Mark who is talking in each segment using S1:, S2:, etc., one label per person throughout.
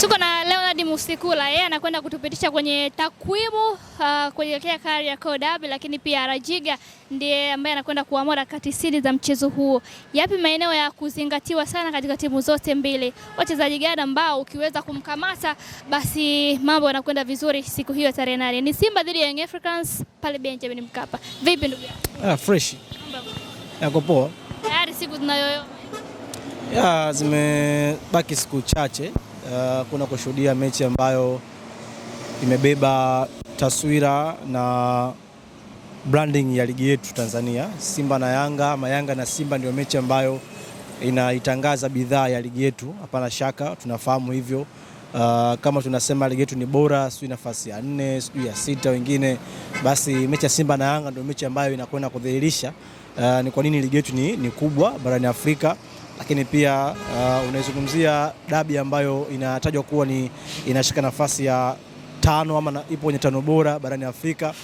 S1: Tuko na Leonard Musikula, yeye anakwenda kutupitisha kwenye takwimu uh, kuelekea kari ya Kodabi, lakini pia Rajiga ndiye ambaye anakwenda kuamua dakika sitini za mchezo huo. Yapi maeneo ya kuzingatiwa sana katika timu zote mbili? Wachezaji gani ambao ukiweza kumkamata basi mambo yanakwenda vizuri siku hiyo tarehe nane? Ni Simba dhidi ya Young Africans pale Benjamin Mkapa. Vipi ndugu
S2: yangu? Ah, fresh. Yako poa.
S1: Tayari siku zinayoyo.
S2: Ya zimebaki siku chache Eh, kuna kushuhudia mechi ambayo imebeba taswira na branding ya ligi yetu Tanzania. Simba na Yanga ama Yanga na Simba ndio mechi ambayo inaitangaza bidhaa ya ligi yetu, hapana shaka tunafahamu hivyo. Uh, kama tunasema ligi yetu ni bora, sijui nafasi ya nne, sijui ya sita wengine, basi mechi ya Simba na Yanga ndio mechi ambayo inakwenda kudhihirisha uh, ni kwa nini ligi yetu ni, ni kubwa barani Afrika lakini pia uh, unaizungumzia dabi ambayo inatajwa kuwa ni inashika nafasi ya tano ama na, ipo kwenye tano bora barani Afrika.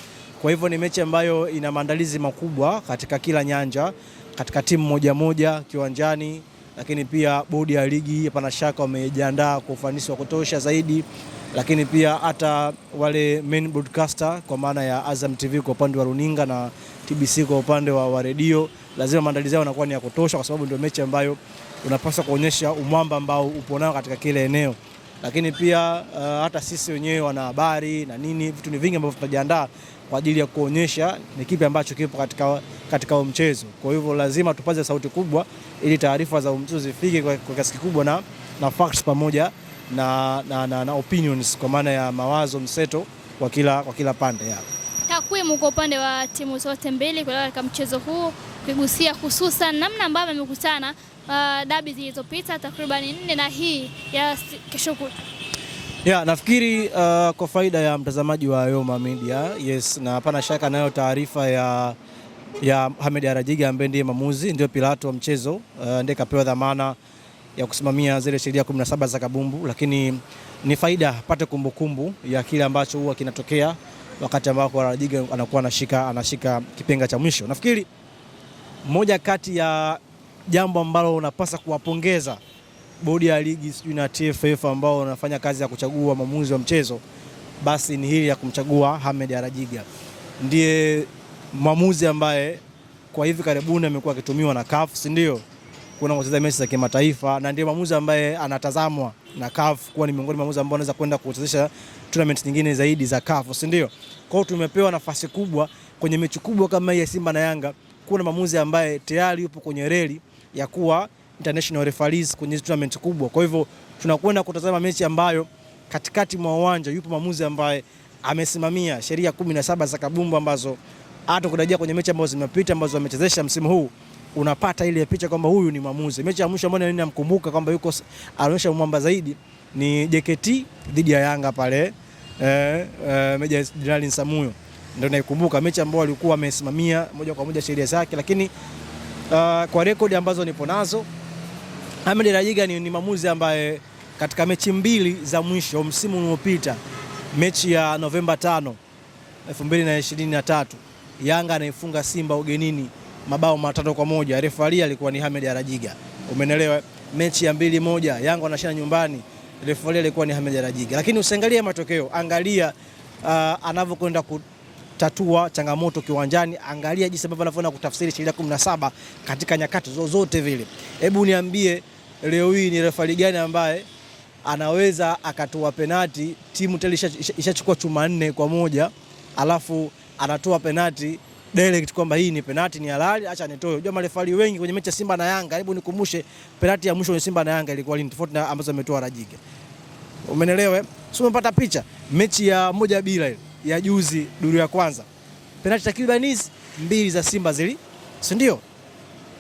S2: Kwa hivyo ni mechi ambayo ina maandalizi makubwa katika kila nyanja, katika timu moja moja kiwanjani, lakini pia bodi ya ligi hapana shaka wamejiandaa kwa ufanisi wa kutosha zaidi, lakini pia hata wale main broadcaster kwa maana ya Azam TV kwa upande wa runinga na TBC kwa upande wa, wa redio lazima maandalizi yao yanakuwa ni ya kutosha, kwa sababu ndio mechi ambayo unapaswa kuonyesha umwamba ambao upo nao katika kile eneo. Lakini pia uh, hata sisi wenyewe wana habari na nini, vitu ni vingi ambavyo tunajiandaa kwa ajili ya kuonyesha ni kipi ambacho kipo katika katika mchezo. Kwa hivyo lazima tupaze sauti kubwa ili taarifa za mchezo zifike kwa, kwa kiasi kikubwa na, na facts pamoja na, na, na, na opinions kwa maana ya mawazo mseto kwa kila, kwa kila pande ya.
S1: Takwimu kwa upande wa timu zote mbili kwa katika mchezo huu kuigusia hususan namna ambavyo amekutana uh, dabi zilizopita takriban nne na hii ya kesho kutwa.
S2: Yeah, nafikiri uh, kwa faida ya mtazamaji wa Yoma Media, yes, na hapana shaka nayo taarifa ya ya Hamed Arajiga ambaye ndiye mwamuzi ndio Pilato wa mchezo uh, ndiye kapewa dhamana ya kusimamia zile sheria 17 za kabumbu, lakini ni faida pate kumbukumbu kumbu ya kile ambacho huwa kinatokea wakati ambao Arajiga anakuwa anashika anashika kipenga cha mwisho. Nafikiri moja kati ya jambo ambalo unapasa kuwapongeza bodi ya ligi sijui na TFF ambao wanafanya kazi ya kuchagua mwamuzi wa mchezo, basi ni hili ya kumchagua Hamed Arajiga, ndiye mwamuzi ambaye kwa hivi karibuni amekuwa akitumiwa na CAF, si ndio, kuna kucheza mechi za kimataifa, na ndiye mwamuzi ambaye anatazamwa na CAF kuwa ni miongoni mwa mwamuzi ambao anaweza kwenda kuchezesha tournament nyingine zaidi za CAF, si ndio? Kwao tumepewa nafasi kubwa kwenye mechi kubwa kama hii ya Simba na Yanga kuna mwamuzi ambaye tayari yupo kwenye reli ya kuwa international referees kwenye tournament kubwa. Kwa hivyo tunakwenda kutazama mechi ambayo katikati mwa uwanja yupo mwamuzi ambaye amesimamia sheria 17 za kabumbu ambazo hata kutarajia kwenye mechi ambazo zimepita ambazo amechezesha msimu huu unapata ile picha kwamba huyu ni mwamuzi. Mechi ya mwisho ambayo ninamkumbuka kwamba yuko anaonyesha mwamba zaidi ni JKT dhidi ya Yanga pale eh, eh, Meja Jenerali Samuyo ndio naikumbuka mechi ambayo alikuwa amesimamia moja kwa moja sheria zake, lakini uh, kwa rekodi ambazo nipo nazo Ahmed Rajiga ni, ni mwamuzi ambaye katika mechi mbili za mwisho msimu uliopita, mechi ya Novemba 5 2023 Yanga anaifunga Simba ugenini mabao matatu kwa moja. Refari alikuwa ni Ahmed Rajiga, umenelewa? Mechi ya mbili moja Yanga wanashinda nyumbani, refari alikuwa ni Ahmed Rajiga. Lakini usiangalie matokeo, angalia uh, anavyokwenda tatua changamoto kiwanjani. Angalia jinsi ambavyo anavyoona kutafsiri sheria 17 katika nyakati zozote vile. Hebu niambie leo hii ni refari gani ambaye anaweza akatoa penati timu tele ishachukua isha chuma nne kwa moja alafu anatoa penati direct kwamba hii ni penati, ni halali, acha nitoe. Unajua marefari wengi kwenye mechi ya Simba na Yanga, hebu nikumbushe penati ya mwisho ya Simba na Yanga ilikuwa lini, tofauti na ambazo ametoa Rajiga. Umenelewa? Eh? Sio umepata picha? Mechi ya moja bila ile ya juzi duru ya kwanza, penalti takriban hizi mbili za Simba zili, si ndio?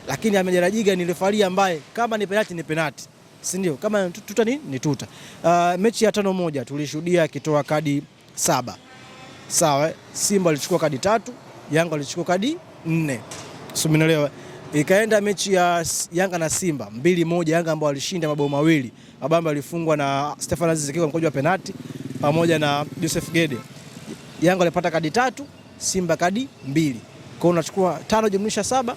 S2: Lakini amejarajiga ni refari ambaye kama ni penalti ni penalti, si ndio? Kama tuta ni, ni tuta. Uh, mechi ya tano moja tulishuhudia akitoa kadi saba, sawa. Simba alichukua kadi tatu, Yanga alichukua kadi nne, sio mnaelewa? Ikaenda mechi ya Yanga na Simba mbili moja, Yanga ambao walishinda mabao mawili, mabao alifungwa na Stefan Aziz Ki kwa mkojo wa penalti pamoja na Joseph Gede. Yanga alipata kadi tatu, Simba kadi mbili. Kwa hiyo unachukua tano jumlisha saba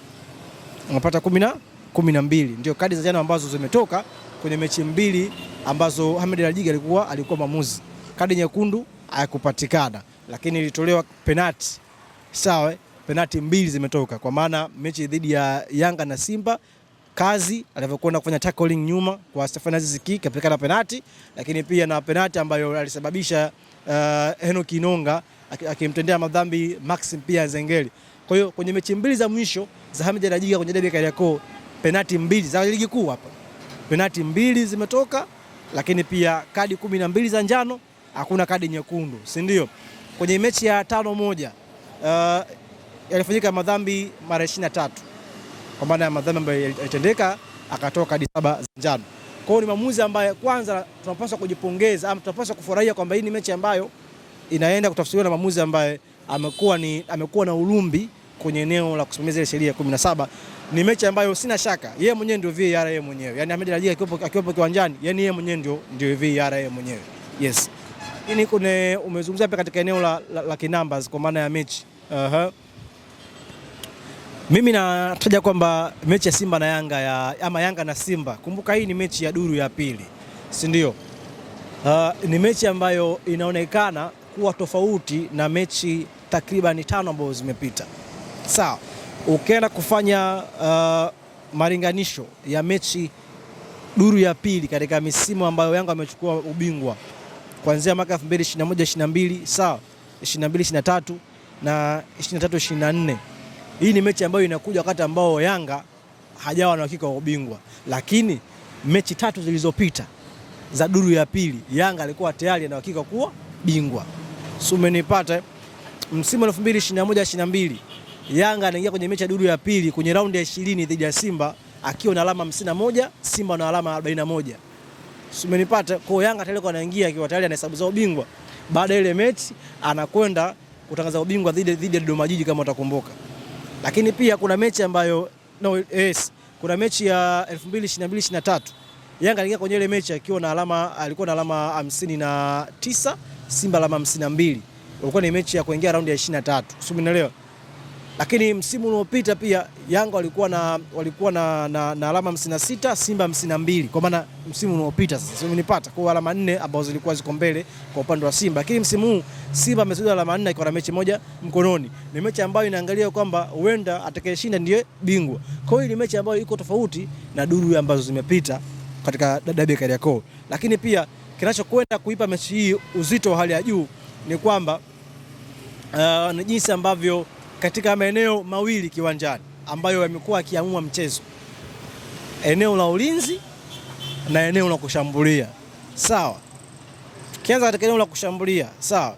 S2: unapata kumi na kumi na mbili. Ndio kadi za jana ambazo zimetoka kwenye mechi mbili ambazo Ahmed Rajiga alikuwa alikuwa mwamuzi. Kadi nyekundu hayakupatikana, lakini ilitolewa penati. Sawa, penati mbili zimetoka kwa maana mechi dhidi ya Yanga na Simba kazi alivyokwenda kufanya tackling nyuma kwa Stephane Aziz Ki na penati, lakini pia na penati ambayo alisababisha uh, Enock Inonga akimtendea madhambi Maxim pia Zengeli. Kwa hiyo kwenye mechi mbili za mwisho za Hamja Rajiga kwenye Derby Kariakoo, penati mbili za ligi kuu hapa, penati mbili zimetoka, lakini pia kadi kumi na mbili za njano, hakuna kadi nyekundu, si ndio? Kwenye mechi ya tano moja uh, yalifanyika madhambi mara 23 kwa maana ya madhambi ambayo yalitendeka, akatoa kadi saba za njano. Kwa hiyo ni maamuzi ambayo kwanza tunapaswa kujipongeza ama tunapaswa kufurahia kwamba hii ni mechi ambayo inaenda kutafsiriwa na maamuzi ambayo amekuwa ni amekuwa na ulumbi kwenye eneo la kusimamia ile sheria ya 17. Ni mechi ambayo sina shaka yeye mwenyewe ndio VAR yeye mwenyewe. Yaani Ahmed Rajia akiwepo akiwepo kiwanjani, yani yeye mwenyewe ndio ndio VAR yeye mwenyewe. Yes. Ini kuna umezungumzia pia katika eneo la, la, la kinambas kwa maana ya mechi. Aha. Uh -huh. Mimi nataja kwamba mechi ya Simba na Yanga ya, ama Yanga na Simba, kumbuka hii ni mechi ya duru ya pili, si ndio? Uh, ni mechi ambayo inaonekana kuwa tofauti na mechi takriban tano ambazo zimepita. Sawa, ukienda kufanya uh, malinganisho ya mechi duru ya pili katika misimu ambayo Yanga amechukua ubingwa kuanzia mwaka 2021 22 sawa, 22 23 na 23 24 hii ni mechi ambayo inakuja wakati ambao Yanga hajawa na uhakika wa ubingwa, lakini mechi tatu zilizopita za duru ya pili Yanga alikuwa tayari ana uhakika kuwa bingwa. Si umenipata? Msimu wa 2021 22 Yanga anaingia kwenye mechi ya duru ya pili kwenye raundi ya 20 dhidi ya Simba akiwa na alama 51, Simba na alama 41. Si umenipata? Kwa hiyo Yanga tayari anaingia akiwa tayari hesabu za ubingwa. Baada ile mechi anakwenda kutangaza ubingwa dhidi dhidi ya Dodoma Jiji kama utakumbuka. Lakini pia kuna mechi ambayo no, yes, kuna mechi ya 2022 23 Yanga aliingia kwenye ile mechi akiwa na alama alikuwa na alama hamsini na tisa Simba alama 52 ulikuwa mbili. ni mechi ya kuingia raundi ya 23. Sio, umeelewa? Lakini msimu uliopita pia Yanga walikuwa na walikuwa na, na, na alama 56, Simba 52. Kwa maana msimu uliopita sasa sio umenipata kwa alama nne ambazo zilikuwa ziko mbele kwa upande wa Simba. Lakini msimu huu Simba amesajili alama nne kwa mechi moja mkononi. Ni mechi ambayo inaangalia kwamba huenda atakayeshinda ndiye bingwa. Kwa hiyo ile mechi ambayo iko tofauti na duru ambazo zimepita katika dabi ya Kariakoo. Lakini pia kinachokwenda kuipa mechi hii uzito wa hali ya juu ni kwamba uh, jinsi ambavyo katika maeneo mawili kiwanjani ambayo yamekuwa akiamua mchezo, eneo la ulinzi na eneo la kushambulia. Sawa, tukianza katika eneo la kushambulia, sawa,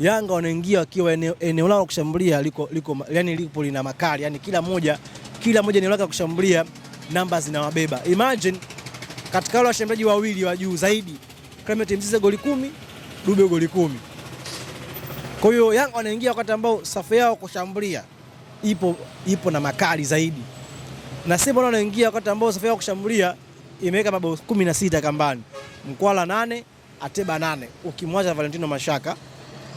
S2: Yanga wanaingia wakiwa eneo, eneo lao la kushambulia liko, liko, yani lipo lina makali, yani kila moja kila moja eneo lake la kushambulia namba zinawabeba. Imagine katika wale washambuliaji wawili wa juu zaidi, Clement Mzize goli kumi, Dube goli kumi kwa hiyo Yanga wanaingia wakati ambao safu yao kushambulia ipo, ipo na makali zaidi, na Simba nao wanaingia wakati ambao safu yao kushambulia imeweka mabao 16 kambani, Mkwala nane, Ateba nane, ukimwacha Valentino Mashaka.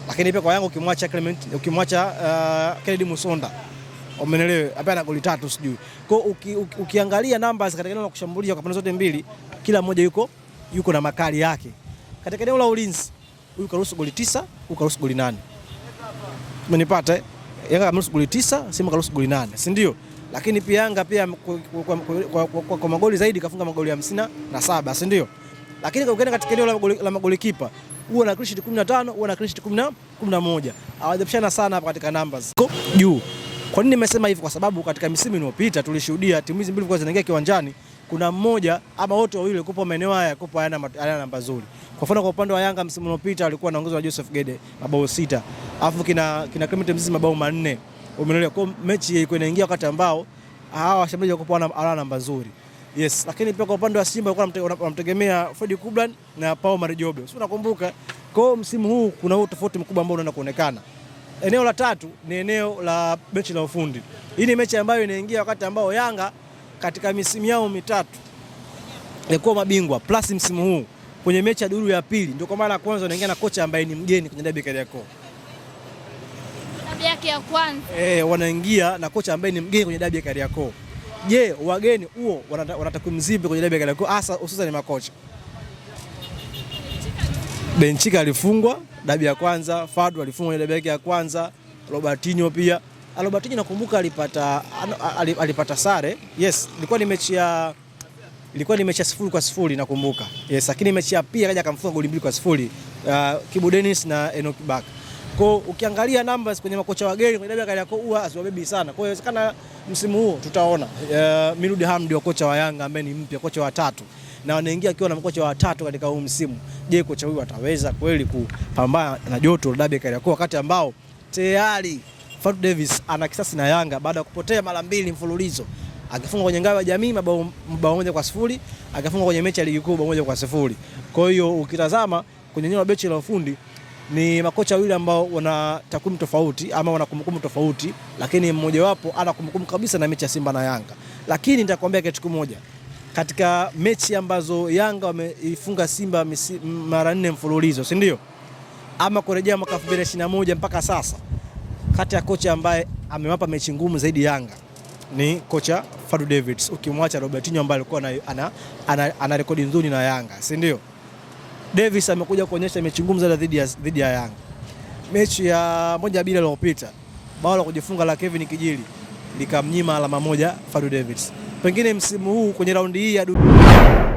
S2: Lakini pia kwa Yanga ukimwacha Clement, ukimwacha uh, Kennedy Musonda umenelewe hapa na goli tatu sijui. Kwa uki, uki, ukiangalia numbers katika eneo la kushambulia kwa pande zote mbili, kila mmoja yuko yuko na makali yake. Katika eneo la ulinzi, huyu karuhusu goli tisa, huyu karuhusu goli nane umenipata eh? Yanga ameruhusu goli tisa, Simba karuhusu goli nane, si ndio? Lakini pia Yanga pia kwa magoli zaidi kafunga magoli hamsini na saba, si ndio? Lakini ukienda katika eneo la magoli kipa huwa na clean sheet 15, huwa na clean sheet 11. Hawajapishana sana hapa katika numbers. Kwa juu. Kwa nini nimesema hivyo? Kwa sababu katika misimu iliyopita tulishuhudia timu hizi mbili zinaingia kiwanjani kuna mmoja ama wote wawili walikuwa maeneo haya yalikuwa hayana namba nzuri. Kwa mfano, kwa upande wa Yanga msimu uliopita alikuwa anaongozwa na Joseph Gede mabao sita, alafu kina kina Clement Mzizi mabao manne. Umeelewa? Kwa mechi ilikuwa inaingia wakati ambao hawa washambuliaji walikuwa hawana namba nzuri. Yes, lakini pia kwa upande wa Simba walikuwa wanamtegemea Fred Kublan na Paul Marijobe. Sio, nakumbuka. Kwa msimu huu kuna huo tofauti mkubwa ambao unaona kuonekana. Eneo la tatu ni eneo la mechi la ufundi. Hii ni mechi ambayo inaingia wakati ambao Yanga katika misimu yao mitatu ya kuwa mabingwa plus msimu huu kwenye mechi ya duru ya pili ndio kwa mara ya kwanza unaingia na kocha ambaye ni mgeni kwenye dabi Kariakoo. Dabi yake ya kwanza. Eh, wanaingia na kocha ambaye ni mgeni kwenye dabi ya Kariakoo. Je, wageni huo wanatakwimu zipi kwenye dabi ya Kariakoo hasa hususan ni makocha? Benchika alifungwa dabi ya kwanza, Fadu alifungwa kwenye dabi yake ya kwanza, Robertinho pia Alobatoji nakumbuka alipata, alipata sare. Yes, ilikuwa ni mechi ya ilikuwa ni mechi ya sifuri kwa sifuri nakumbuka. Yes, lakini mechi ya pia kaja akamfunga goli mbili kwa sifuri uh, Kibu Dennis na Enoch Bak. Kwa ukiangalia numbers kwenye makocha wageni kwenye dabi ya huwa asiwabebi sana. Kwa hiyo inawezekana msimu huo tutaona uh, Mirudi Hamdi wa kocha wa Yanga ambaye ni mpya kocha wa tatu na wanaingia akiwa na mkocha wa tatu katika huu msimu. Je, kocha huyu ataweza kweli kupambana na joto la dabi ya wakati ambao tayari Fatu Davis ana kisasi na Yanga baada ya kupotea mara mbili mfululizo akifunga kwenye ngao ya jamii mabao moja kwa sifuri akifunga kwenye mechi ya ligi kuu moja kwa sifuri. Kwa hiyo ukitazama kwenye nyuma bechi la ufundi ni makocha wawili ambao wana takwimu tofauti ama wana kumbukumbu tofauti, lakini mmojawapo ana kumbukumbu kabisa na mechi ya Simba na Yanga. Lakini nitakwambia kitu kimoja, katika mechi ambazo Yanga wameifunga Simba mara nne mfululizo, si ndio? Ama kurejea mwaka 2021 mpaka sasa kati ya kocha ambaye amewapa mechi ngumu zaidi Yanga ni kocha Fadu Davids, ukimwacha Robertinho ambaye alikuwa ana, ana, ana, ana rekodi nzuri na Yanga, si ndio? Davis amekuja kuonyesha mechi ngumu zaidi dhidi ya dhidi ya Yanga. Mechi ya moja bila iliyopita, bao la kujifunga la Kevin Kijili likamnyima alama moja Fadu Davids. Pengine msimu huu kwenye raundi hii ya